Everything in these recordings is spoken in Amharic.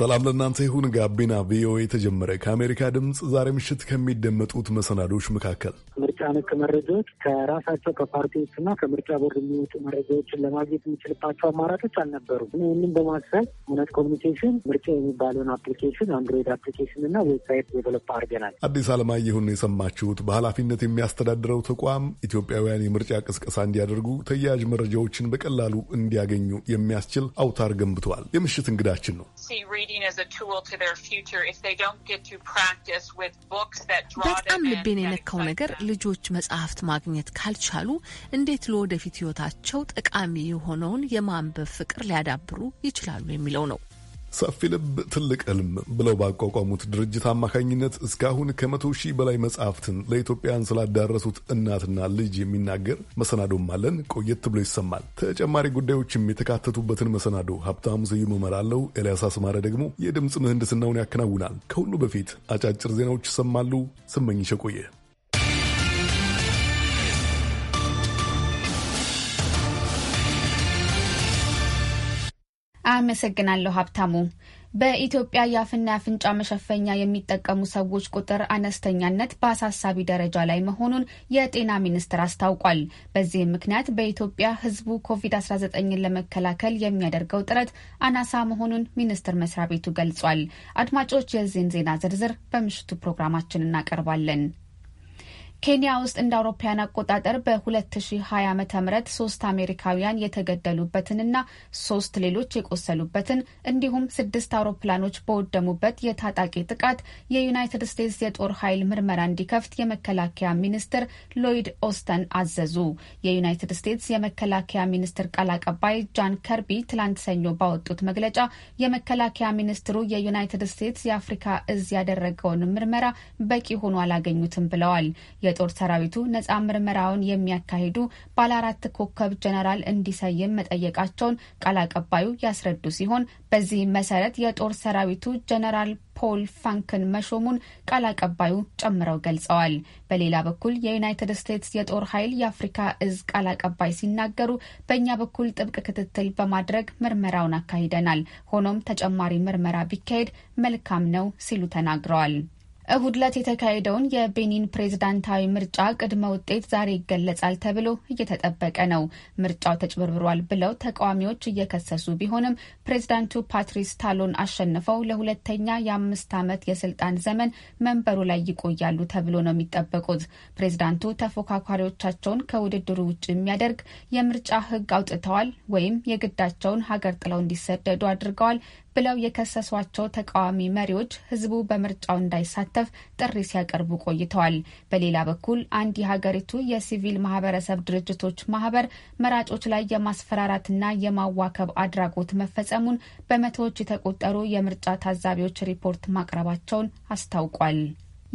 ሰላም ለእናንተ ይሁን። ጋቢና ቪኦኤ የተጀመረ ከአሜሪካ ድምፅ ዛሬ ምሽት ከሚደመጡት መሰናዶች መካከል ምርጫ ነክ መረጃዎች ከራሳቸው ከፓርቲዎችና ከምርጫ ቦርድ የሚወጡ መረጃዎችን ለማግኘት የሚችልባቸው አማራጮች አልነበሩም። ይህንም በማሰብ እውነት ኮሚኒኬሽን ምርጫ የሚባለውን አፕሊኬሽን አንድሮይድ አፕሊኬሽንና ዌብሳይት ዴቨሎፕ አድርገናል። አዲስ አለማየሁን የሰማችሁት በኃላፊነት የሚያስተዳድረው ተቋም ኢትዮጵያውያን የምርጫ ቅስቀሳ እንዲያደርጉ ተያያዥ መረጃዎችን በቀላሉ እንዲያገኙ የሚያስችል አውታር ገንብተዋል። የምሽት እንግዳችን ነው። በጣም ልቤን የነካው ነገር ልጆች መጽሐፍት ማግኘት ካልቻሉ እንዴት ለወደፊት ህይወታቸው ጠቃሚ የሆነውን የማንበብ ፍቅር ሊያዳብሩ ይችላሉ የሚለው ነው። ሰፊ ልብ ትልቅ እልም ብለው ባቋቋሙት ድርጅት አማካኝነት እስካሁን ከመቶ ሺህ በላይ መጽሐፍትን ለኢትዮጵያን ስላዳረሱት እናትና ልጅ የሚናገር መሰናዶም አለን። ቆየት ብሎ ይሰማል። ተጨማሪ ጉዳዮችም የተካተቱበትን መሰናዶ ሀብታሙ ስዩም እመራለሁ። ኤልያስ አስማረ ደግሞ የድምፅ ምህንድስናውን ያከናውናል። ከሁሉ በፊት አጫጭር ዜናዎች ይሰማሉ። ስመኝሽ ቆየ አመሰግናለሁ ሀብታሙ። በኢትዮጵያ የአፍና የአፍንጫ መሸፈኛ የሚጠቀሙ ሰዎች ቁጥር አነስተኛነት በአሳሳቢ ደረጃ ላይ መሆኑን የጤና ሚኒስቴር አስታውቋል። በዚህም ምክንያት በኢትዮጵያ ሕዝቡ ኮቪድ-19ን ለመከላከል የሚያደርገው ጥረት አናሳ መሆኑን ሚኒስቴር መስሪያ ቤቱ ገልጿል። አድማጮች፣ የዚህን ዜና ዝርዝር በምሽቱ ፕሮግራማችን እናቀርባለን። ኬንያ ውስጥ እንደ አውሮፓያን አቆጣጠር በ2020 ዓ ም ሶስት አሜሪካውያን የተገደሉበትንና ሶስት ሌሎች የቆሰሉበትን እንዲሁም ስድስት አውሮፕላኖች በወደሙበት የታጣቂ ጥቃት የዩናይትድ ስቴትስ የጦር ኃይል ምርመራ እንዲከፍት የመከላከያ ሚኒስትር ሎይድ ኦስተን አዘዙ። የዩናይትድ ስቴትስ የመከላከያ ሚኒስትር ቃል አቀባይ ጃን ከርቢ ትላንት ሰኞ ባወጡት መግለጫ የመከላከያ ሚኒስትሩ የዩናይትድ ስቴትስ የአፍሪካ እዝ ያደረገውን ምርመራ በቂ ሆኖ አላገኙትም ብለዋል። የጦር ሰራዊቱ ነጻ ምርመራውን የሚያካሂዱ ባለ አራት ኮከብ ጀነራል እንዲሰይም መጠየቃቸውን ቃል አቀባዩ ያስረዱ ሲሆን በዚህ መሰረት የጦር ሰራዊቱ ጀነራል ፖል ፋንክን መሾሙን ቃል አቀባዩ ጨምረው ገልጸዋል። በሌላ በኩል የዩናይትድ ስቴትስ የጦር ኃይል የአፍሪካ እዝ ቃል አቀባይ ሲናገሩ በእኛ በኩል ጥብቅ ክትትል በማድረግ ምርመራውን አካሂደናል። ሆኖም ተጨማሪ ምርመራ ቢካሄድ መልካም ነው ሲሉ ተናግረዋል። እሁድ ዕለት የተካሄደውን የቤኒን ፕሬዝዳንታዊ ምርጫ ቅድመ ውጤት ዛሬ ይገለጻል ተብሎ እየተጠበቀ ነው። ምርጫው ተጭበርብሯል ብለው ተቃዋሚዎች እየከሰሱ ቢሆንም ፕሬዝዳንቱ ፓትሪስ ታሎን አሸንፈው ለሁለተኛ የአምስት ዓመት የስልጣን ዘመን መንበሩ ላይ ይቆያሉ ተብሎ ነው የሚጠበቁት። ፕሬዝዳንቱ ተፎካካሪዎቻቸውን ከውድድሩ ውጭ የሚያደርግ የምርጫ ሕግ አውጥተዋል ወይም የግዳቸውን ሀገር ጥለው እንዲሰደዱ አድርገዋል። ብለው የከሰሷቸው ተቃዋሚ መሪዎች ህዝቡ በምርጫው እንዳይሳተፍ ጥሪ ሲያቀርቡ ቆይተዋል። በሌላ በኩል አንድ የሀገሪቱ የሲቪል ማህበረሰብ ድርጅቶች ማህበር መራጮች ላይ የማስፈራራትና የማዋከብ አድራጎት መፈጸሙን በመቶዎች የተቆጠሩ የምርጫ ታዛቢዎች ሪፖርት ማቅረባቸውን አስታውቋል።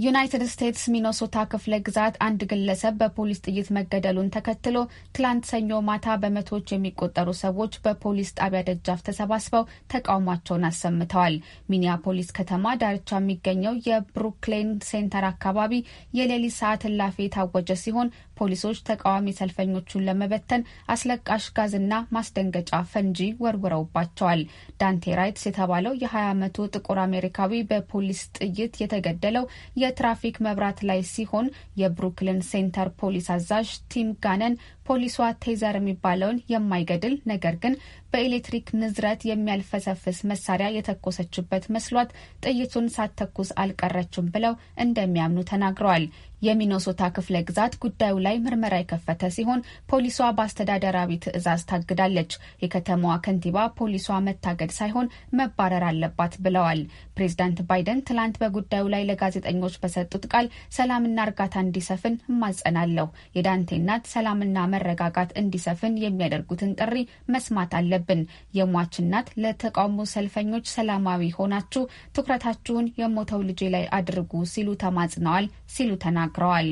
ዩናይትድ ስቴትስ ሚኖሶታ ክፍለ ግዛት አንድ ግለሰብ በፖሊስ ጥይት መገደሉን ተከትሎ ትላንት ሰኞ ማታ በመቶዎች የሚቆጠሩ ሰዎች በፖሊስ ጣቢያ ደጃፍ ተሰባስበው ተቃውሟቸውን አሰምተዋል። ሚኒያፖሊስ ከተማ ዳርቻ የሚገኘው የብሩክሌን ሴንተር አካባቢ የሌሊት ሰዓት እላፊ የታወጀ ሲሆን ፖሊሶች ተቃዋሚ ሰልፈኞቹን ለመበተን አስለቃሽ ጋዝና ማስደንገጫ ፈንጂ ወርውረውባቸዋል። ዳንቴ ራይትስ የተባለው የ20 ዓመቱ ጥቁር አሜሪካዊ በፖሊስ ጥይት የተገደለው የትራፊክ መብራት ላይ ሲሆን የብሩክሊን ሴንተር ፖሊስ አዛዥ ቲም ጋነን ፖሊሷ ቴዘር የሚባለውን የማይገድል ነገር ግን በኤሌክትሪክ ንዝረት የሚያልፈሰፍስ መሳሪያ የተኮሰችበት መስሏት ጥይቱን ሳትተኩስ አልቀረችም ብለው እንደሚያምኑ ተናግረዋል። የሚኖሶታ ክፍለ ግዛት ጉዳዩ ላይ ምርመራ የከፈተ ሲሆን ፖሊሷ በአስተዳደራዊ ትዕዛዝ ታግዳለች። የከተማዋ ከንቲባ ፖሊሷ መታገድ ሳይሆን መባረር አለባት ብለዋል። ፕሬዚዳንት ባይደን ትላንት በጉዳዩ ላይ ለጋዜጠኞች በሰጡት ቃል ሰላምና እርጋታ እንዲሰፍን እማጸናለሁ። የዳንቴ እናት ሰላምና መረጋጋት እንዲሰፍን የሚያደርጉትን ጥሪ መስማት አለብን አለብን። የሟች እናት ለተቃውሞ ሰልፈኞች ሰላማዊ ሆናችሁ ትኩረታችሁን የሞተው ልጄ ላይ አድርጉ ሲሉ ተማጽነዋል ሲሉ ተናግረዋል።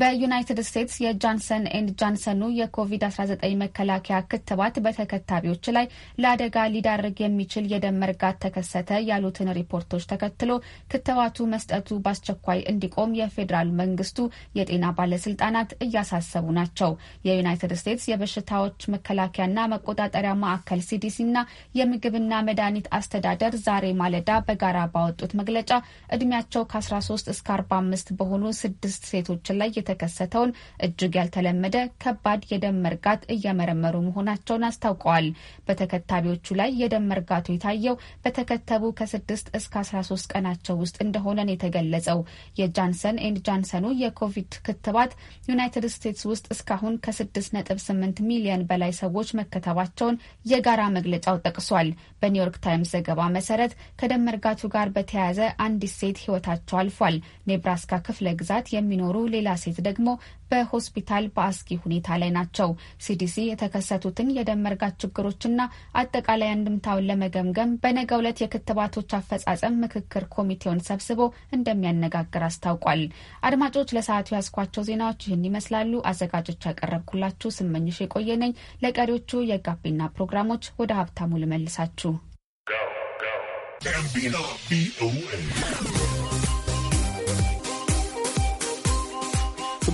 በዩናይትድ ስቴትስ የጃንሰን ኤንድ ጃንሰኑ የኮቪድ-19 መከላከያ ክትባት በተከታቢዎች ላይ ለአደጋ ሊዳርግ የሚችል የደም መርጋት ተከሰተ ያሉትን ሪፖርቶች ተከትሎ ክትባቱ መስጠቱ በአስቸኳይ እንዲቆም የፌዴራል መንግስቱ የጤና ባለስልጣናት እያሳሰቡ ናቸው። የዩናይትድ ስቴትስ የበሽታዎች መከላከያና መቆጣጠሪያ ማዕከል ሲዲሲና የምግብና መድኃኒት አስተዳደር ዛሬ ማለዳ በጋራ ባወጡት መግለጫ እድሜያቸው ከ13 እስከ 45 በሆኑ ስድስት ሴቶች ላይ የተከሰተውን እጅግ ያልተለመደ ከባድ የደም መርጋት እየመረመሩ መሆናቸውን አስታውቀዋል። በተከታቢዎቹ ላይ የደም መርጋቱ የታየው በተከተቡ ከስድስት እስከ አስራ ሶስት ቀናቸው ውስጥ እንደሆነን የተገለጸው የጃንሰን ኤንድ ጃንሰኑ የኮቪድ ክትባት ዩናይትድ ስቴትስ ውስጥ እስካሁን ከስድስት ነጥብ ስምንት ሚሊዮን በላይ ሰዎች መከተባቸውን የጋራ መግለጫው ጠቅሷል። በኒውዮርክ ታይምስ ዘገባ መሰረት ከደም መርጋቱ ጋር በተያያዘ አንዲት ሴት ሕይወታቸው አልፏል። ኔብራስካ ክፍለ ግዛት የሚኖሩ ሌላ ሴት ደግሞ በሆስፒታል በአስጊ ሁኔታ ላይ ናቸው። ሲዲሲ የተከሰቱትን የደም መርጋት ችግሮችና አጠቃላይ አንድምታውን ለመገምገም በነገው ዕለት የክትባቶች አፈጻጸም ምክክር ኮሚቴውን ሰብስቦ እንደሚያነጋግር አስታውቋል። አድማጮች ለሰዓቱ ያስኳቸው ዜናዎች ይህን ይመስላሉ። አዘጋጆች ያቀረብኩላችሁ ስመኝሽ የቆየ ነኝ። ለቀሪዎቹ የጋቢና ፕሮግራሞች ወደ ሀብታሙ ልመልሳችሁ።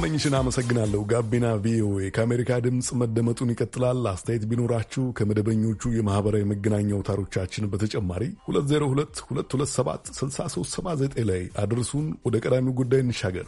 ስመኝሽን አመሰግናለሁ። ጋቢና ቪኦኤ ከአሜሪካ ድምፅ መደመጡን ይቀጥላል። አስተያየት ቢኖራችሁ ከመደበኞቹ የማህበራዊ መገናኛ አውታሮቻችን በተጨማሪ 2022276379 ላይ አድርሱን። ወደ ቀዳሚው ጉዳይ እንሻገር።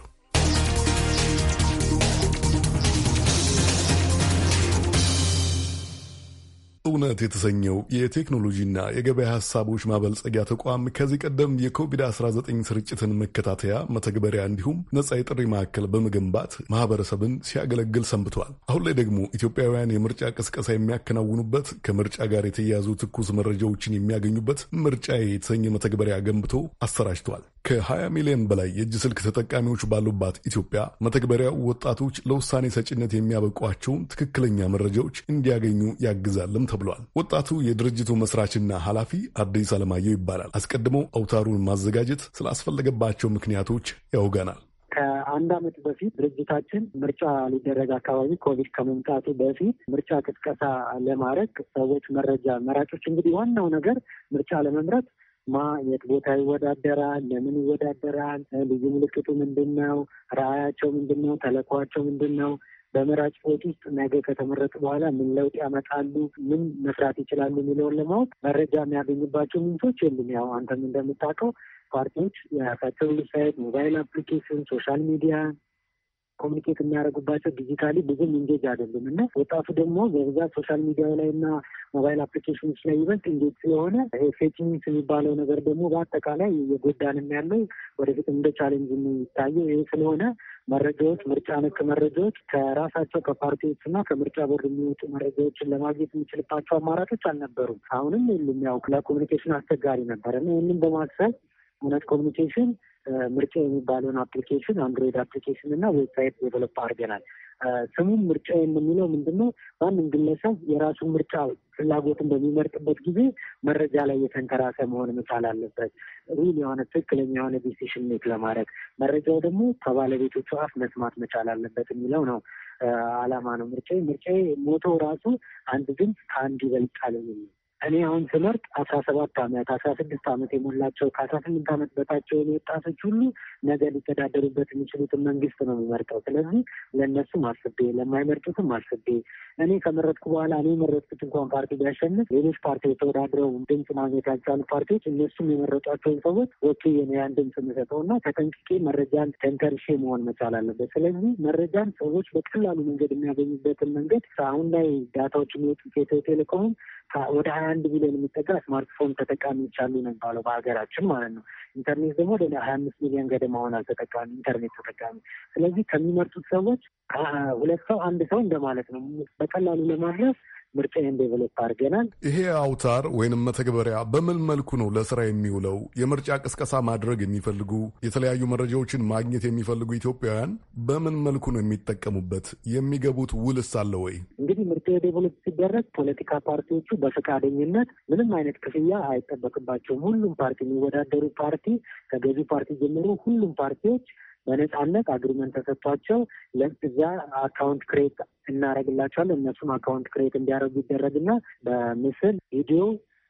እውነት የተሰኘው የቴክኖሎጂና የገበያ ሀሳቦች ማበልጸጊያ ተቋም ከዚህ ቀደም የኮቪድ-19 ስርጭትን መከታተያ መተግበሪያ እንዲሁም ነጻ የጥሪ ማዕከል በመገንባት ማህበረሰብን ሲያገለግል ሰንብቷል። አሁን ላይ ደግሞ ኢትዮጵያውያን የምርጫ ቅስቀሳ የሚያከናውኑበት ከምርጫ ጋር የተያያዙ ትኩስ መረጃዎችን የሚያገኙበት ምርጫ የተሰኘ መተግበሪያ ገንብቶ አሰራጭቷል። ከ20 ሚሊዮን በላይ የእጅ ስልክ ተጠቃሚዎች ባሉባት ኢትዮጵያ መተግበሪያው ወጣቶች ለውሳኔ ሰጭነት የሚያበቋቸውን ትክክለኛ መረጃዎች እንዲያገኙ ያግዛልም ተብሏል። ብሏል። ወጣቱ የድርጅቱ መስራችና ኃላፊ አዲስ አለማየሁ ይባላል። አስቀድመው አውታሩን ማዘጋጀት ስላስፈለገባቸው ምክንያቶች ያውገናል። ከአንድ ዓመት በፊት ድርጅታችን ምርጫ ሊደረግ አካባቢ ኮቪድ ከመምጣቱ በፊት ምርጫ ቅስቀሳ ለማድረግ ሰዎች መረጃ መራጮች እንግዲህ ዋናው ነገር ምርጫ ለመምረጥ ማ የት ቦታ ይወዳደራል፣ ለምን ይወዳደራል፣ ልዩ ምልክቱ ምንድን ነው፣ ራዕያቸው ምንድን ነው፣ ተልዕኳቸው ምንድን ነው በመራጭ ቮት ውስጥ ነገ ከተመረጡ በኋላ ምን ለውጥ ያመጣሉ፣ ምን መስራት ይችላሉ የሚለውን ለማወቅ መረጃ የሚያገኝባቸው ምንጮች የሉም። ያው አንተም እንደምታውቀው ፓርቲዎች የራሳቸው ዌብሳይት፣ ሞባይል አፕሊኬሽን፣ ሶሻል ሚዲያ ኮሚኒኬት የሚያደርጉባቸው ዲጂታሊ ብዙም እንጌጅ አይደሉም እና ወጣቱ ደግሞ በብዛት ሶሻል ሚዲያ ላይ እና ሞባይል አፕሊኬሽኖች ላይ ይበልጥ እንጌጅ ስለሆነ ፌክ የሚባለው ነገር ደግሞ በአጠቃላይ እየጎዳንም ያለው ወደፊት እንደ ቻሌንጅ የሚታየው ይህ ስለሆነ መረጃዎች ምርጫ ነክ መረጃዎች ከራሳቸው ከፓርቲዎች እና ከምርጫ ቦርድ የሚወጡ መረጃዎችን ለማግኘት የሚችልባቸው አማራጮች አልነበሩም። አሁንም የሉም። ያው ለኮሚኒኬሽን አስቸጋሪ ነበር እና ይህንም በማሰብ እውነት ኮሚኒኬሽን ምርጫ የሚባለውን አፕሊኬሽን አንድሮይድ አፕሊኬሽን እና ዌብሳይት ዴቨሎፕ አድርገናል። ስሙም ምርጫ የምንለው ምንድን ነው? ማንም ግለሰብ የራሱ ምርጫ ፍላጎትን በሚመርጥበት ጊዜ መረጃ ላይ የተንከራሰ መሆን መቻል አለበት። ሪል የሆነ ትክክለኛ የሆነ ዲሲሽን ሜክ ለማድረግ መረጃው ደግሞ ከባለቤቶቹ አፍ መስማት መቻል አለበት የሚለው ነው አላማ ነው ምርጫ ምርጫ ሞቶ ራሱ አንድ ድምፅ ከአንድ ይበልጣል የሚል እኔ አሁን ትምህርት አስራ ሰባት አመት አስራ ስድስት ዓመት የሞላቸው ከአስራ ስምንት ዓመት በታች የሆኑ ወጣቶች ሁሉ ነገ ሊተዳደሩበት የሚችሉትን መንግስት ነው የሚመርጠው። ስለዚህ ለእነሱም አስቤ ለማይመርጡትም አስቤ እኔ ከመረጥኩ በኋላ እኔ የመረጥኩት እንኳን ፓርቲ ቢያሸንፍ ሌሎች ፓርቲዎች ተወዳድረው ድምፅ ማግኘት ያልቻሉ ፓርቲዎች እነሱም የመረጧቸውን ሰዎች ወኪዬ ነው ያን ድምፅ የምሰጠው እና ተጠንቅቄ መረጃን ተንተርሼ መሆን መቻል አለበት። ስለዚህ መረጃን ሰዎች በቀላሉ መንገድ የሚያገኙበትን መንገድ አሁን ላይ ዳታዎች የሚወጡት ኢትዮ ወደ ሀያ አንድ ሚሊዮን የሚጠጋ ስማርትፎን ተጠቃሚዎች አሉ ነው የሚባለው በሀገራችን ማለት ነው። ኢንተርኔት ደግሞ ወደ ሀያ አምስት ሚሊዮን ገደማ ሆናል ተጠቃሚ ኢንተርኔት ተጠቃሚ። ስለዚህ ከሚመርጡት ሰዎች ሁለት ሰው አንድ ሰው እንደማለት ነው። በቀላሉ ለማድረስ ምርጫ ዴቨሎፕ አድርገናል። ይሄ አውታር ወይንም መተግበሪያ በምን መልኩ ነው ለስራ የሚውለው? የምርጫ ቅስቀሳ ማድረግ የሚፈልጉ የተለያዩ መረጃዎችን ማግኘት የሚፈልጉ ኢትዮጵያውያን በምን መልኩ ነው የሚጠቀሙበት? የሚገቡት ውልስ አለ ወይ? እንግዲህ ዴቨሎፕ ሲደረግ ፖለቲካ ፓርቲዎቹ በፈቃደኝነት ምንም አይነት ክፍያ አይጠበቅባቸውም። ሁሉም ፓርቲ የሚወዳደሩ ፓርቲ ከገዢ ፓርቲ ጀምሮ ሁሉም ፓርቲዎች በነፃነት አግሪመንት ተሰጥቷቸው ለዛ አካውንት ክሬት እናደርግላቸዋለን። እነሱም አካውንት ክሬት እንዲያደርጉ ይደረግና በምስል ቪዲዮ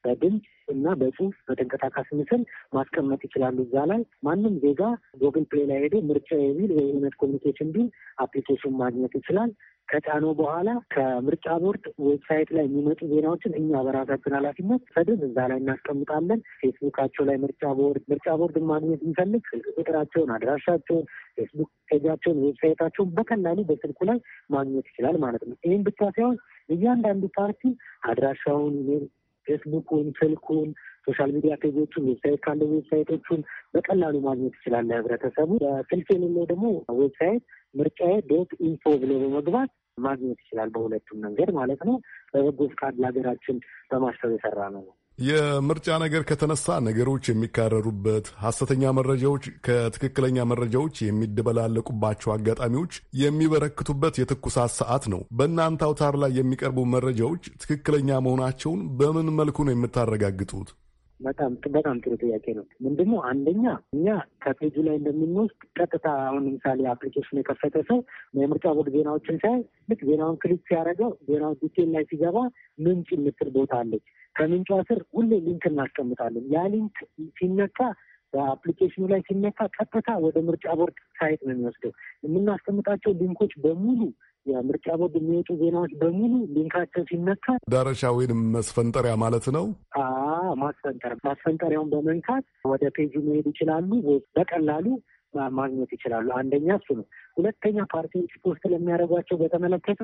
በድምፅ እና በጽሁፍ በተንቀሳቃሽ ምስል ማስቀመጥ ይችላሉ። እዛ ላይ ማንም ዜጋ ጎግል ፕሌይ ላይ ሄዶ ምርጫ የሚል ወይ ኮሚኒኬሽን ቢል አፕሊኬሽን ማግኘት ይችላል። ከጫኖ በኋላ ከምርጫ ቦርድ ዌብሳይት ላይ የሚመጡ ዜናዎችን እኛ በራሳችን ኃላፊነት ፈድን እዛ ላይ እናስቀምጣለን። ፌስቡካቸው ላይ ምርጫ ቦርድ ምርጫ ቦርድ ማግኘት የሚፈልግ ስልክ ቁጥራቸውን፣ አድራሻቸውን፣ ፌስቡክ ፔጃቸውን፣ ዌብሳይታቸውን በቀላሉ በስልኩ ላይ ማግኘት ይችላል ማለት ነው። ይህም ብቻ ሳይሆን እያንዳንዱ ፓርቲ አድራሻውን ፌስቡኩን፣ ስልኩን፣ ሶሻል ሚዲያ ፔጆቹን፣ ዌብሳይት ካለ ዌብሳይቶቹን በቀላሉ ማግኘት ይችላል። ህብረተሰቡ ስልክ የሌለው ደግሞ ዌብሳይት ምርጫዬ ዶት ኢንፎ ብሎ በመግባት ማግኘት ይችላል። በሁለቱም መንገድ ማለት ነው። በበጎ ፍቃድ ለሀገራችን በማሰብ የሰራ ነው ነው የምርጫ ነገር ከተነሳ ነገሮች የሚካረሩበት፣ ሐሰተኛ መረጃዎች ከትክክለኛ መረጃዎች የሚደበላለቁባቸው አጋጣሚዎች የሚበረክቱበት የትኩሳት ሰዓት ነው። በእናንተ አውታር ላይ የሚቀርቡ መረጃዎች ትክክለኛ መሆናቸውን በምን መልኩ ነው የምታረጋግጡት? በጣም በጣም ጥሩ ጥያቄ ነው። ምንድነው አንደኛ እኛ ከፔጁ ላይ እንደምንወስድ ቀጥታ አሁን ለምሳሌ አፕሊኬሽን የከፈተ ሰው የምርጫ ቦርድ ዜናዎችን ሳይ ልክ ዜናውን ክሊክ ሲያደርገው ዜናው ዲቴል ላይ ሲገባ ምንጭ የምትል ቦታ አለች። ከምንጯ ስር ሁሌ ሊንክ እናስቀምጣለን። ያ ሊንክ ሲነካ በአፕሊኬሽኑ ላይ ሲነካ ቀጥታ ወደ ምርጫ ቦርድ ሳይት ነው የሚወስደው። የምናስቀምጣቸው ሊንኮች በሙሉ የምርጫ ቦርድ የሚወጡ ዜናዎች በሙሉ ሊንካቸው ሲነካ ዳረሻ ወይንም መስፈንጠሪያ ማለት ነው። ማስፈንጠር ማስፈንጠሪያውን በመንካት ወደ ፔጁ መሄድ ይችላሉ። በቀላሉ ማግኘት ይችላሉ። አንደኛ እሱ ነው። ሁለተኛ ፓርቲዎች ፖስት ለሚያደርጓቸው በተመለከተ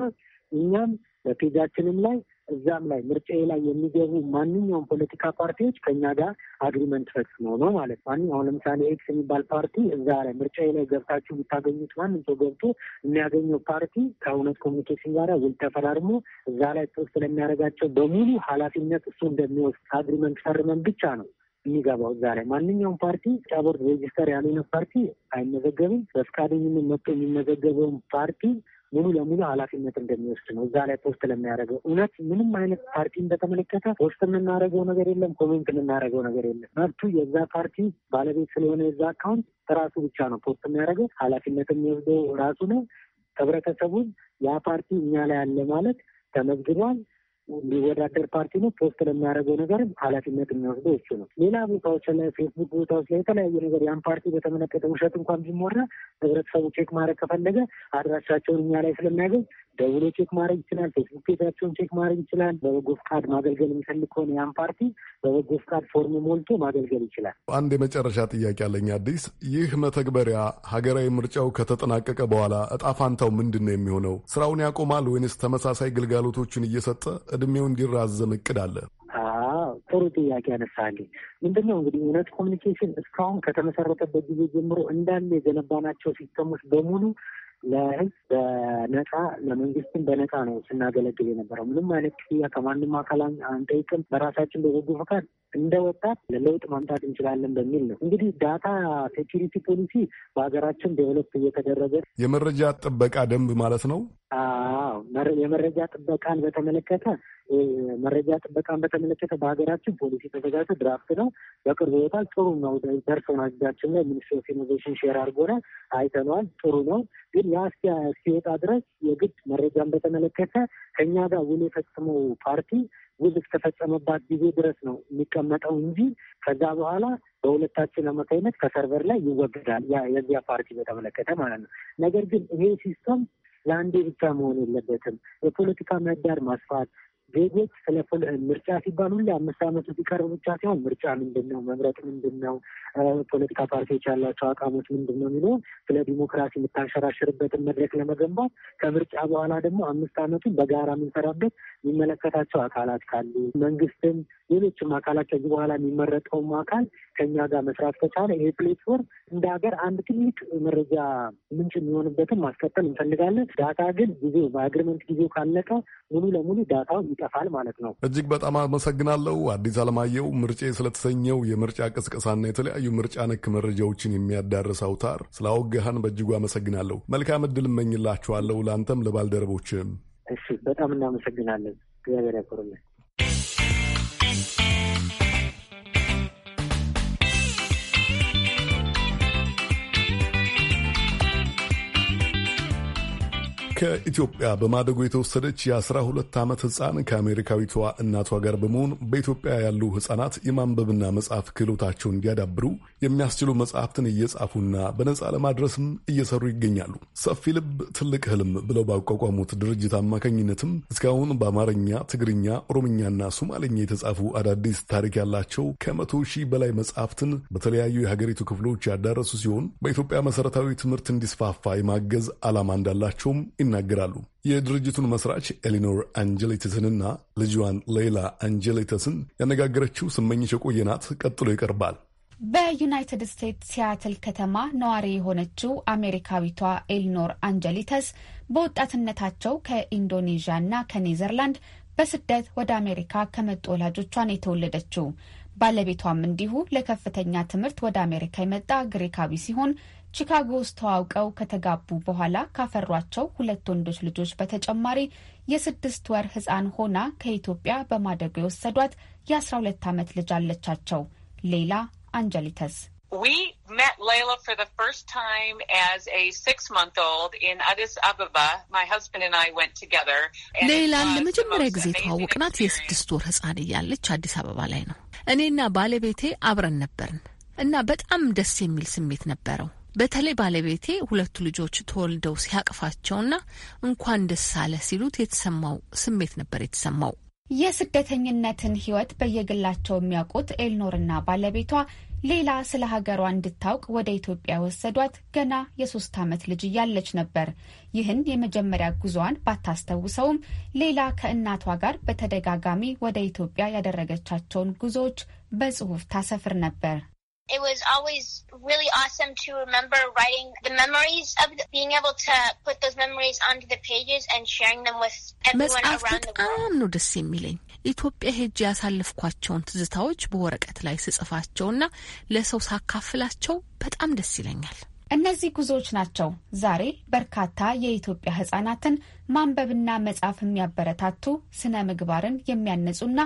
እኛም በፔጃችንም ላይ እዛም ላይ ምርጫዬ ላይ የሚገቡ ማንኛውም ፖለቲካ ፓርቲዎች ከኛ ጋር አግሪመንት ፈጽመው ነው ማለት ማን አሁን ለምሳሌ ኤክስ የሚባል ፓርቲ እዛ ላይ ምርጫዬ ላይ ገብታችሁ የምታገኙት ማንም ሰው ገብቶ የሚያገኘው ፓርቲ ከእውነት ኮሚኒኬሽን ጋር ውል ተፈራርሞ እዛ ላይ ጽሑፍ ስለሚያደርጋቸው በሙሉ ኃላፊነት እሱ እንደሚወስድ አግሪመንት ፈርመን ብቻ ነው የሚገባው እዛ ላይ ማንኛውም ፓርቲ ምርጫ ቦርድ ሬጅስተር ያልሆነ ፓርቲ አይመዘገብም። በፍቃደኝነት መጥቶ የሚመዘገበውን ፓርቲ ሙሉ ለሙሉ ኃላፊነት እንደሚወስድ ነው እዛ ላይ ፖስት ለሚያደርገው። እውነት ምንም አይነት ፓርቲን በተመለከተ ፖስት የምናደርገው ነገር የለም፣ ኮሜንት የምናደርገው ነገር የለም። መብቱ የዛ ፓርቲ ባለቤት ስለሆነ የዛ አካውንት ራሱ ብቻ ነው ፖስት የሚያደርገው። ኃላፊነት የሚወስደው ራሱ ነው። ህብረተሰቡን ያ ፓርቲ እኛ ላይ አለ ማለት ተመዝግቧል እንዲወዳደር ፓርቲ ነው። ፖስት ለሚያደርገው ነገር ኃላፊነት የሚወስደው እሱ ነው። ሌላ ቦታዎች ላይ ፌስቡክ ቦታዎች ላይ የተለያየ ነገር ያን ፓርቲ በተመለከተ ውሸት እንኳን ቢሞራ ህብረተሰቡ ቼክ ማድረግ ከፈለገ አድራሻቸውን እኛ ላይ ስለሚያገኝ ደውሎ ቼክ ማድረግ ይችላል። ፌስቡክ ፔጃቸውን ቼክ ማድረግ ይችላል። በበጎ ፍቃድ ማገልገል የሚፈልግ ከሆነ ያን ፓርቲ በበጎ ፍቃድ ፎርም ሞልቶ ማገልገል ይችላል። አንድ የመጨረሻ ጥያቄ አለኝ። አዲስ፣ ይህ መተግበሪያ ሀገራዊ ምርጫው ከተጠናቀቀ በኋላ እጣ ፋንታው ምንድን ነው የሚሆነው? ስራውን ያቆማል ወይንስ ተመሳሳይ ግልጋሎቶችን እየሰጠ ዕድሜው እንዲራዘም እቅድ አለ? ጥሩ ጥያቄ ያነሳልኝ። ምንድነው እንግዲህ እውነት ኮሚኒኬሽን እስካሁን ከተመሰረተበት ጊዜ ጀምሮ እንዳለ የገነባናቸው ሲስተሞች በሙሉ ለህዝብ በነፃ ለመንግስትም በነፃ ነው ስናገለግል የነበረው። ምንም አይነት ክፍያ ከማንም አካል አንጠይቅም። በራሳችን በበጎ ፈቃድ እንደ ወጣት ለለውጥ ማምጣት እንችላለን በሚል ነው። እንግዲህ ዳታ ሴኪሪቲ ፖሊሲ በሀገራችን ዴቨሎፕ እየተደረገ የመረጃ ጥበቃ ደንብ ማለት ነው። አዎ የመረጃ ጥበቃን በተመለከተ መረጃ ጥበቃን በተመለከተ በሀገራችን ፖሊሲ ተዘጋጅቶ ድራፍት ነው፣ በቅርብ ይወጣል። ጥሩ ነው። ደርሰውን አግዳችን ላይ ሚኒስትር ኦፍ ኢኖቬሽን ሼር አድርጎነ አይተነዋል። ጥሩ ነው። ግን ያ እስኪወጣ ድረስ የግድ መረጃን በተመለከተ ከእኛ ጋር ውል የፈጽመው ፓርቲ ውል እስከፈጸመባት ጊዜ ድረስ ነው የሚቀመጠው እንጂ ከዛ በኋላ በሁለታችን አማካኝነት ከሰርቨር ላይ ይወገዳል። የዚያ ፓርቲ በተመለከተ ማለት ነው። ነገር ግን ይሄ ሲስተም ለአንዴ ብቻ መሆን የለበትም። የፖለቲካ ምህዳር ማስፋት ዜጎች ስለ ምርጫ ሲባል ሁሌ አምስት ዓመቱ ሲቀርብ ብቻ ሲሆን ምርጫ ምንድን ነው፣ መምረጥ ምንድን ነው፣ ፖለቲካ ፓርቲዎች ያላቸው አቋሞች ምንድን ነው የሚለውን ስለ ዲሞክራሲ የምታንሸራሽርበትን መድረክ ለመገንባት ከምርጫ በኋላ ደግሞ አምስት ዓመቱን በጋራ የምንሰራበት የሚመለከታቸው አካላት ካሉ መንግስትም፣ ሌሎችም አካላት ከዚህ በኋላ የሚመረጠውም አካል ከኛ ጋር መስራት ከቻለ ይሄ ፕሌትፎርም እንደ ሀገር አንድ ትልቅ መረጃ ምንጭ የሚሆንበትን ማስቀጠል እንፈልጋለን። ዳታ ግን ጊዜ በአግሪመንት ጊዜው ካለቀ ሙሉ ለሙሉ ዳታው ይጠፋል ማለት ነው። እጅግ በጣም አመሰግናለሁ አዲስ አለማየሁ። ምርጬ ስለተሰኘው የምርጫ ቅስቀሳና የተለያዩ ምርጫ ነክ መረጃዎችን የሚያዳርስ አውታር ስለ በእጅጉ አመሰግናለሁ። መልካም እድል እመኝላችኋለሁ ለአንተም ለባልደረቦችም። እሺ፣ በጣም እናመሰግናለን። እግዚአብሔር ያኮርልን። ከኢትዮጵያ በማደጎ የተወሰደች የ12 ዓመት ህፃን ከአሜሪካዊቷ እናቷ ጋር በመሆን በኢትዮጵያ ያሉ ህፃናት የማንበብና መጽሐፍ ክህሎታቸውን እንዲያዳብሩ የሚያስችሉ መጽሐፍትን እየጻፉና በነፃ ለማድረስም እየሰሩ ይገኛሉ። ሰፊ ልብ ትልቅ ህልም ብለው ባቋቋሙት ድርጅት አማካኝነትም እስካሁን በአማርኛ፣ ትግርኛ፣ ኦሮምኛና ሶማሌኛ የተጻፉ አዳዲስ ታሪክ ያላቸው ከመቶ ሺህ በላይ መጽሐፍትን በተለያዩ የሀገሪቱ ክፍሎች ያዳረሱ ሲሆን በኢትዮጵያ መሠረታዊ ትምህርት እንዲስፋፋ የማገዝ ዓላማ እንዳላቸውም ይናገራሉ። የድርጅቱን መስራች ኤሊኖር አንጀሌተስንና ልጇን ሌይላ አንጀሌተስን ያነጋገረችው ስመኝሽ የቆየናት ቀጥሎ ይቀርባል። በዩናይትድ ስቴትስ ሲያትል ከተማ ነዋሪ የሆነችው አሜሪካዊቷ ኤሊኖር አንጀሊተስ በወጣትነታቸው ከኢንዶኔዥያ እና ከኔዘርላንድ በስደት ወደ አሜሪካ ከመጡ ወላጆቿን የተወለደችው ባለቤቷም እንዲሁ ለከፍተኛ ትምህርት ወደ አሜሪካ የመጣ ግሪካዊ ሲሆን ቺካጎ ውስጥ ተዋውቀው ከተጋቡ በኋላ ካፈሯቸው ሁለት ወንዶች ልጆች በተጨማሪ የስድስት ወር ሕፃን ሆና ከኢትዮጵያ በማደጉ የወሰዷት የአስራ 12 ዓመት ልጅ አለቻቸው። ሌላ አንጀሊተስ ሌላን ለመጀመሪያ ጊዜ የተዋወቅናት የስድስት ወር ህፃን እያለች አዲስ አበባ ላይ ነው። እኔና ባለቤቴ አብረን ነበርን እና በጣም ደስ የሚል ስሜት ነበረው። በተለይ ባለቤቴ ሁለቱ ልጆች ተወልደው ሲያቅፋቸውና እንኳን ደስ አለ ሲሉት የተሰማው ስሜት ነበር የተሰማው። የስደተኝነትን ህይወት በየግላቸው የሚያውቁት ኤልኖርና ባለቤቷ ሌላ ስለ ሀገሯ እንድታውቅ ወደ ኢትዮጵያ ወሰዷት። ገና የሶስት ዓመት ልጅ እያለች ነበር። ይህን የመጀመሪያ ጉዞዋን ባታስተውሰውም ሌላ ከእናቷ ጋር በተደጋጋሚ ወደ ኢትዮጵያ ያደረገቻቸውን ጉዞዎች በጽሑፍ ታሰፍር ነበር። It was always really awesome to remember writing the memories of the, being able to put those memories onto the pages and sharing them with everyone around the world. ነው ደስ የሚለኝ ኢትዮጵያ ሄጄ ያሳለፍኳቸውን ትዝታዎች በወረቀት ላይ ስጽፋቸውና ለሰው ሳካፍላቸው በጣም ደስ ይለኛል። እነዚህ ጉዞዎች ናቸው ዛሬ በርካታ የኢትዮጵያ ሕጻናትን ማንበብና መጻፍ የሚያበረታቱ ስነ ምግባርን የሚያነጹና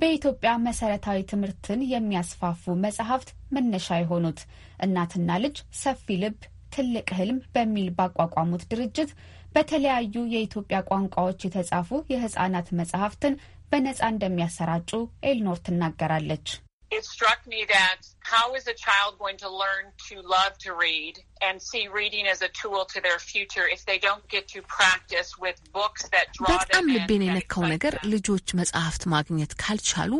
በኢትዮጵያ መሰረታዊ ትምህርትን የሚያስፋፉ መጽሐፍት መነሻ የሆኑት እናትና ልጅ ሰፊ ልብ ትልቅ ህልም በሚል ባቋቋሙት ድርጅት በተለያዩ የኢትዮጵያ ቋንቋዎች የተጻፉ የህጻናት መጽሐፍትን በነጻ እንደሚያሰራጩ ኤልኖር ትናገራለች። it struck me that how is a child going to learn to love to read and see reading as a tool to their future if they don't get to practice with books that draw በጣም ልቤን የነካው ነገር ልጆች መጽሐፍት ማግኘት ካልቻሉ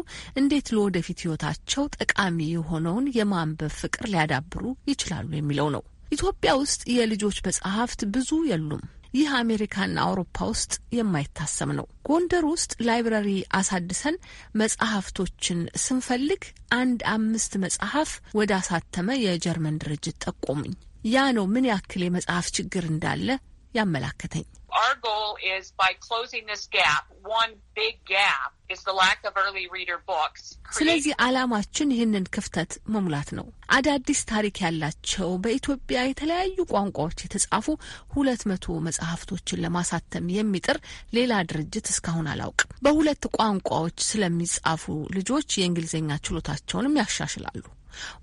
እንዴት ለወደፊት ሕይወታቸው ጠቃሚ የሆነውን የማንበብ ፍቅር ሊያዳብሩ ይችላሉ የሚለው ነው። ኢትዮጵያ ውስጥ የልጆች መጽሐፍት ብዙ የሉም። ይህ አሜሪካና አውሮፓ ውስጥ የማይታሰብ ነው። ጎንደር ውስጥ ላይብራሪ አሳድሰን መጽሐፍቶችን ስንፈልግ አንድ አምስት መጽሐፍ ወደ አሳተመ የጀርመን ድርጅት ጠቆሙኝ። ያ ነው ምን ያክል የመጽሐፍ ችግር እንዳለ ያመላከተኝ። Our goal is by closing this gap, one big gap is the lack of early reader books. ስለዚህ ዓላማችን ይህንን ክፍተት መሙላት ነው። አዳዲስ ታሪክ ያላቸው በኢትዮጵያ የተለያዩ ቋንቋዎች የተጻፉ ሁለት መቶ መጽሐፍቶችን ለማሳተም የሚጥር ሌላ ድርጅት እስካሁን አላውቅም። በሁለት ቋንቋዎች ስለሚጻፉ ልጆች የእንግሊዝኛ ችሎታቸውንም ያሻሽላሉ።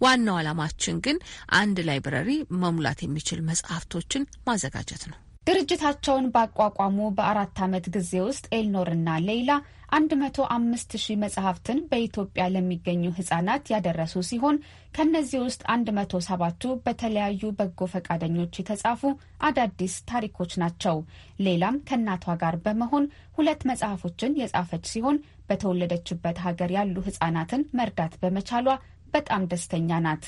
ዋናው ዓላማችን ግን አንድ ላይብረሪ መሙላት የሚችል መጽሐፍቶችን ማዘጋጀት ነው። ድርጅታቸውን ባቋቋሙ በአራት ዓመት ጊዜ ውስጥ ኤልኖርና ሌይላ 105 ሺ መጽሐፍትን በኢትዮጵያ ለሚገኙ ህጻናት ያደረሱ ሲሆን ከእነዚህ ውስጥ 107ቱ በተለያዩ በጎ ፈቃደኞች የተጻፉ አዳዲስ ታሪኮች ናቸው። ሌላም ከእናቷ ጋር በመሆን ሁለት መጽሐፎችን የጻፈች ሲሆን በተወለደችበት ሀገር ያሉ ህጻናትን መርዳት በመቻሏ በጣም ደስተኛ ናት።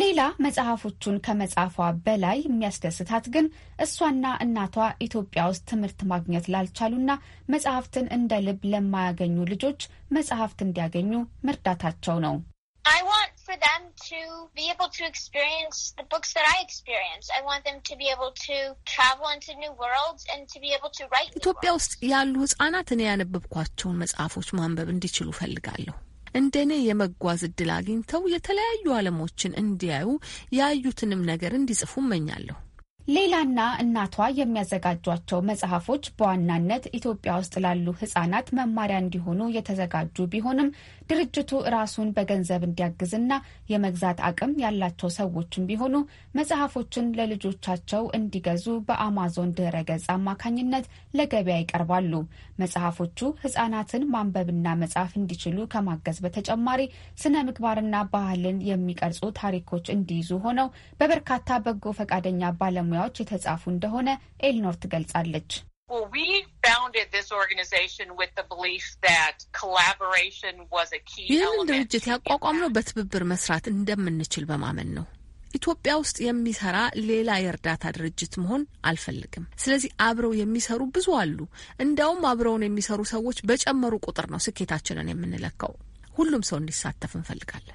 ሌላ መጽሐፎቹን ከመጻፏ በላይ የሚያስደስታት ግን እሷና እናቷ ኢትዮጵያ ውስጥ ትምህርት ማግኘት ላልቻሉና መጽሐፍትን እንደ ልብ ለማያገኙ ልጆች መጽሐፍት እንዲያገኙ መርዳታቸው ነው። ኢትዮጵያ ውስጥ ያሉ ህጻናት እኔ ያነበብኳቸውን መጽሐፎች ማንበብ እንዲችሉ ፈልጋለሁ እንደኔ የመጓዝ እድል አግኝተው የተለያዩ ዓለሞችን እንዲያዩ ያዩትንም ነገር እንዲጽፉ እመኛለሁ። ሌላና እናቷ የሚያዘጋጇቸው መጽሐፎች በዋናነት ኢትዮጵያ ውስጥ ላሉ ህጻናት መማሪያ እንዲሆኑ የተዘጋጁ ቢሆንም ድርጅቱ ራሱን በገንዘብ እንዲያግዝና የመግዛት አቅም ያላቸው ሰዎችም ቢሆኑ መጽሐፎችን ለልጆቻቸው እንዲገዙ በአማዞን ድረ ገጽ አማካኝነት ለገበያ ይቀርባሉ። መጽሐፎቹ ህጻናትን ማንበብና መጻፍ እንዲችሉ ከማገዝ በተጨማሪ ስነ ምግባርና ባህልን የሚቀርጹ ታሪኮች እንዲይዙ ሆነው በበርካታ በጎ ፈቃደኛ ባለሙያ ባለሙያዎች የተጻፉ እንደሆነ ኤልኖር ትገልጻለች። ይህንን ድርጅት ያቋቋምነው በትብብር መስራት እንደምንችል በማመን ነው። ኢትዮጵያ ውስጥ የሚሰራ ሌላ የእርዳታ ድርጅት መሆን አልፈልግም። ስለዚህ አብረው የሚሰሩ ብዙ አሉ። እንዲያውም አብረውን የሚሰሩ ሰዎች በጨመሩ ቁጥር ነው ስኬታችንን የምንለካው። ሁሉም ሰው እንዲሳተፍ እንፈልጋለን።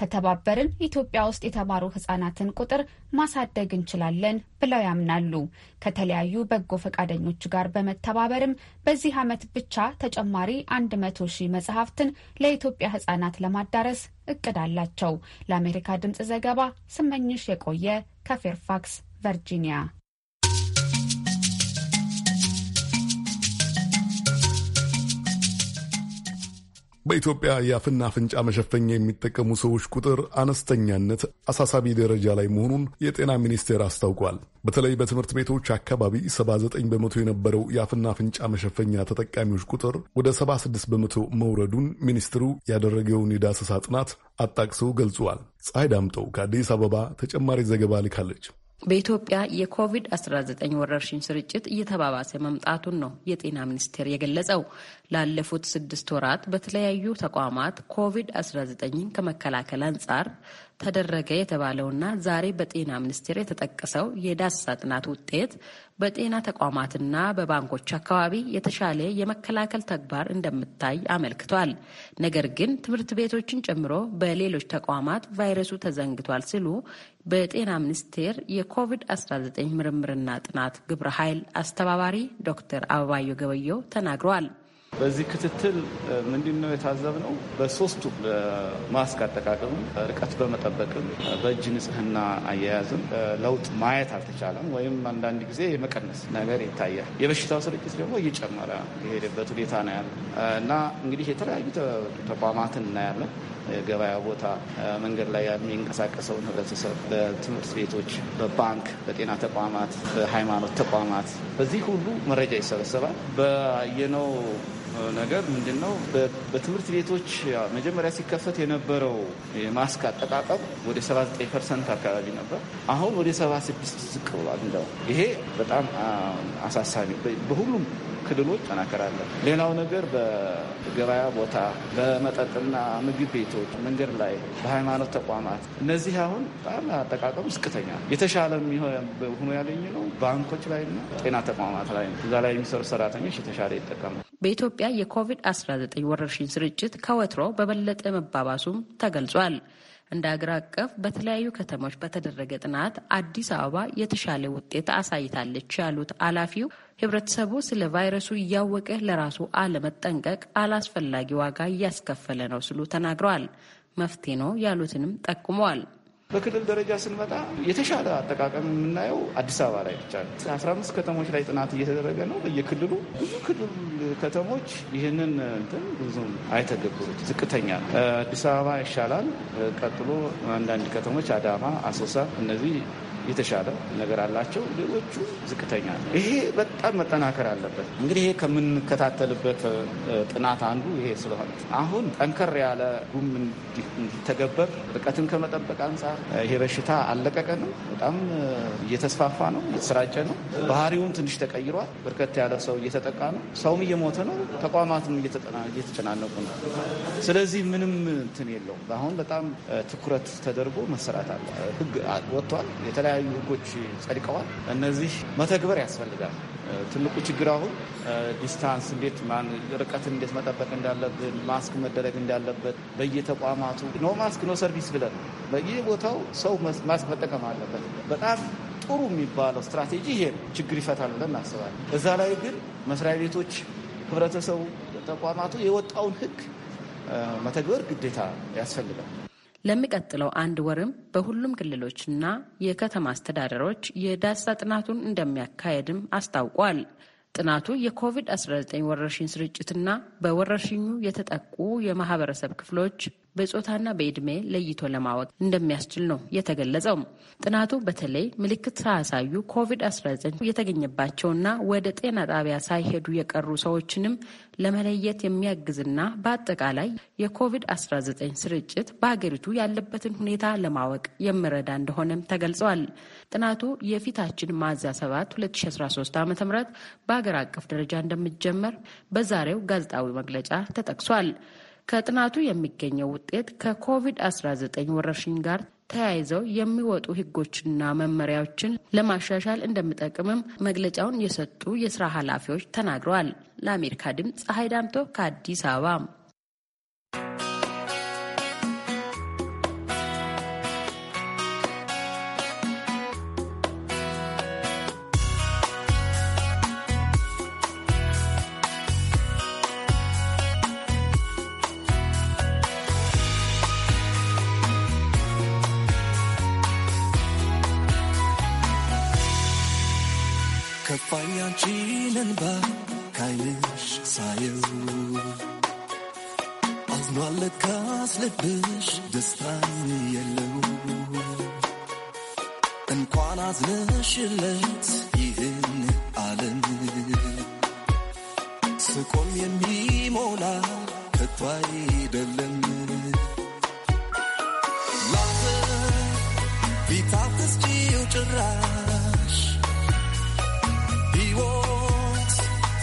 ከተባበርን ኢትዮጵያ ውስጥ የተማሩ ህጻናትን ቁጥር ማሳደግ እንችላለን ብለው ያምናሉ። ከተለያዩ በጎ ፈቃደኞች ጋር በመተባበርም በዚህ ዓመት ብቻ ተጨማሪ አንድ መቶ ሺህ መጽሐፍትን ለኢትዮጵያ ህጻናት ለማዳረስ እቅድ አላቸው። ለአሜሪካ ድምፅ ዘገባ ስመኝሽ የቆየ ከፌርፋክስ ቨርጂኒያ በኢትዮጵያ የአፍና አፍንጫ መሸፈኛ የሚጠቀሙ ሰዎች ቁጥር አነስተኛነት አሳሳቢ ደረጃ ላይ መሆኑን የጤና ሚኒስቴር አስታውቋል። በተለይ በትምህርት ቤቶች አካባቢ 79 በመቶ የነበረው የአፍና አፍንጫ መሸፈኛ ተጠቃሚዎች ቁጥር ወደ 76 በመቶ መውረዱን ሚኒስትሩ ያደረገውን የዳሰሳ ጥናት አጣቅሰው ገልጸዋል። ፀሐይ ዳምጠው ከአዲስ አበባ ተጨማሪ ዘገባ ልካለች። በኢትዮጵያ የኮቪድ-19 ወረርሽኝ ስርጭት እየተባባሰ መምጣቱን ነው የጤና ሚኒስቴር የገለጸው። ላለፉት ስድስት ወራት በተለያዩ ተቋማት ኮቪድ-19ን ከመከላከል አንጻር ተደረገ የተባለውና ዛሬ በጤና ሚኒስቴር የተጠቀሰው የዳሳ ጥናት ውጤት በጤና ተቋማትና በባንኮች አካባቢ የተሻለ የመከላከል ተግባር እንደምታይ አመልክቷል። ነገር ግን ትምህርት ቤቶችን ጨምሮ በሌሎች ተቋማት ቫይረሱ ተዘንግቷል ሲሉ በጤና ሚኒስቴር የኮቪድ-19 ምርምርና ጥናት ግብረ ኃይል አስተባባሪ ዶክተር አበባዮ ገበየው ተናግረዋል። በዚህ ክትትል ምንድን ነው የታዘብነው? በሶስቱ ማስክ አጠቃቀምም፣ ርቀት በመጠበቅም፣ በእጅ ንጽህና አያያዝም ለውጥ ማየት አልተቻለም፣ ወይም አንዳንድ ጊዜ የመቀነስ ነገር ይታያል። የበሽታው ስርጭት ደግሞ እየጨመረ የሄደበት ሁኔታ ነው ያለ እና እንግዲህ የተለያዩ ተቋማትን እናያለን የገበያ ቦታ፣ መንገድ ላይ የሚንቀሳቀሰውን ህብረተሰብ፣ በትምህርት ቤቶች፣ በባንክ፣ በጤና ተቋማት፣ በሃይማኖት ተቋማት በዚህ ሁሉ መረጃ ይሰበሰባል። በየነው ነገር ምንድን ነው? በትምህርት ቤቶች መጀመሪያ ሲከፈት የነበረው የማስክ አጠቃቀም ወደ 79 ፐርሰንት አካባቢ ነበር። አሁን ወደ 76 ዝቅ ብሏል። እንደው ይሄ በጣም አሳሳቢ በሁሉም ክልሎች ይጠናከራለን። ሌላው ነገር በገበያ ቦታ፣ በመጠጥና ምግብ ቤቶች፣ መንገድ ላይ፣ በሃይማኖት ተቋማት እነዚህ አሁን በጣም አጠቃቀም ዝቅተኛ የተሻለ ሆኖ ያገኝ ነው ባንኮች ላይና ጤና ተቋማት ላይ እዛ ላይ የሚሰሩ ሰራተኞች የተሻለ ይጠቀሙ። በኢትዮጵያ የኮቪድ-19 ወረርሽኝ ስርጭት ከወትሮ በበለጠ መባባሱም ተገልጿል። እንደ አገር አቀፍ በተለያዩ ከተሞች በተደረገ ጥናት አዲስ አበባ የተሻለ ውጤት አሳይታለች ያሉት ኃላፊው ህብረተሰቡ ስለ ቫይረሱ እያወቀ ለራሱ አለመጠንቀቅ አላስፈላጊ ዋጋ እያስከፈለ ነው ሲሉ ተናግረዋል። መፍትሄ ነው ያሉትንም ጠቁመዋል። በክልል ደረጃ ስንመጣ የተሻለ አጠቃቀም የምናየው አዲስ አበባ ላይ ብቻ ነው። 15 ከተሞች ላይ ጥናት እየተደረገ ነው። በየክልሉ ብዙ ክልል ከተሞች ይህንን እንትን ብዙም አይተገብሩት፣ ዝቅተኛ ነው። አዲስ አበባ ይሻላል። ቀጥሎ አንዳንድ ከተሞች አዳማ፣ አሶሳ እነዚህ የተሻለ ነገር አላቸው። ሌሎቹ ዝቅተኛ ነው። ይሄ በጣም መጠናከር አለበት። እንግዲህ ይሄ ከምንከታተልበት ጥናት አንዱ ይሄ ስለሆነ አሁን ጠንከር ያለ ጉም እንዲተገበር ርቀትን ከመጠበቅ አንጻር ይሄ በሽታ አለቀቀ ነው። በጣም እየተስፋፋ ነው፣ እየተሰራጨ ነው። ባህሪውም ትንሽ ተቀይሯል። በርከት ያለ ሰው እየተጠቃ ነው። ሰውም እየሞተ ነው። ተቋማትም እየተጨናነቁ ነው። ስለዚህ ምንም እንትን የለውም። አሁን በጣም ትኩረት ተደርጎ መሰራት አለ። ህግ ወጥቷል። የተለያዩ ህጎች ጸድቀዋል። እነዚህ መተግበር ያስፈልጋል። ትልቁ ችግር አሁን ዲስታንስ እንዴት ርቀትን እንዴት መጠበቅ እንዳለብን ማስክ መደረግ እንዳለበት በየተቋማቱ ኖ ማስክ ኖ ሰርቪስ ብለን በየቦታው ሰው ማስክ መጠቀም አለበት። በጣም ጥሩ የሚባለው ስትራቴጂ ይሄ ችግር ይፈታል ብለን እናስባለን። እዛ ላይ ግን መስሪያ ቤቶች፣ ህብረተሰቡ፣ ተቋማቱ የወጣውን ህግ መተግበር ግዴታ ያስፈልጋል። ለሚቀጥለው አንድ ወርም በሁሉም ክልሎችና የከተማ አስተዳደሮች የዳሰሳ ጥናቱን እንደሚያካሄድም አስታውቋል። ጥናቱ የኮቪድ-19 ወረርሽኝ ስርጭትና በወረርሽኙ የተጠቁ የማህበረሰብ ክፍሎች በጾታና በዕድሜ ለይቶ ለማወቅ እንደሚያስችል ነው የተገለጸው። ጥናቱ በተለይ ምልክት ሳያሳዩ ኮቪድ-19 የተገኘባቸውና ወደ ጤና ጣቢያ ሳይሄዱ የቀሩ ሰዎችንም ለመለየት የሚያግዝና በአጠቃላይ የኮቪድ-19 ስርጭት በሀገሪቱ ያለበትን ሁኔታ ለማወቅ የሚረዳ እንደሆነም ተገልጸዋል። ጥናቱ የፊታችን ሚያዝያ 7 2013 ዓ ም በሀገር አቀፍ ደረጃ እንደሚጀመር በዛሬው ጋዜጣዊ መግለጫ ተጠቅሷል። ከጥናቱ የሚገኘው ውጤት ከኮቪድ-19 ወረርሽኝ ጋር ተያይዘው የሚወጡ ህጎችና መመሪያዎችን ለማሻሻል እንደሚጠቅምም መግለጫውን የሰጡ የስራ ኃላፊዎች ተናግረዋል። ለአሜሪካ ድምፅ ፀሐይ ዳምቶ ከአዲስ አበባ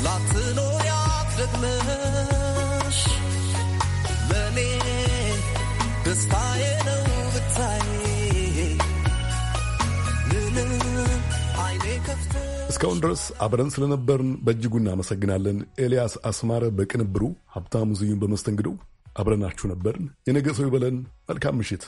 ባትኖሪያት እስካሁን ድረስ አብረን ስለነበርን በእጅጉ እናመሰግናለን። ኤልያስ አስማረ በቅንብሩ፣ ሀብታሙ ዝዩን በመስተንግዶ አብረናችሁ ነበርን። የነገ ሰው ይበለን። መልካም ምሽት።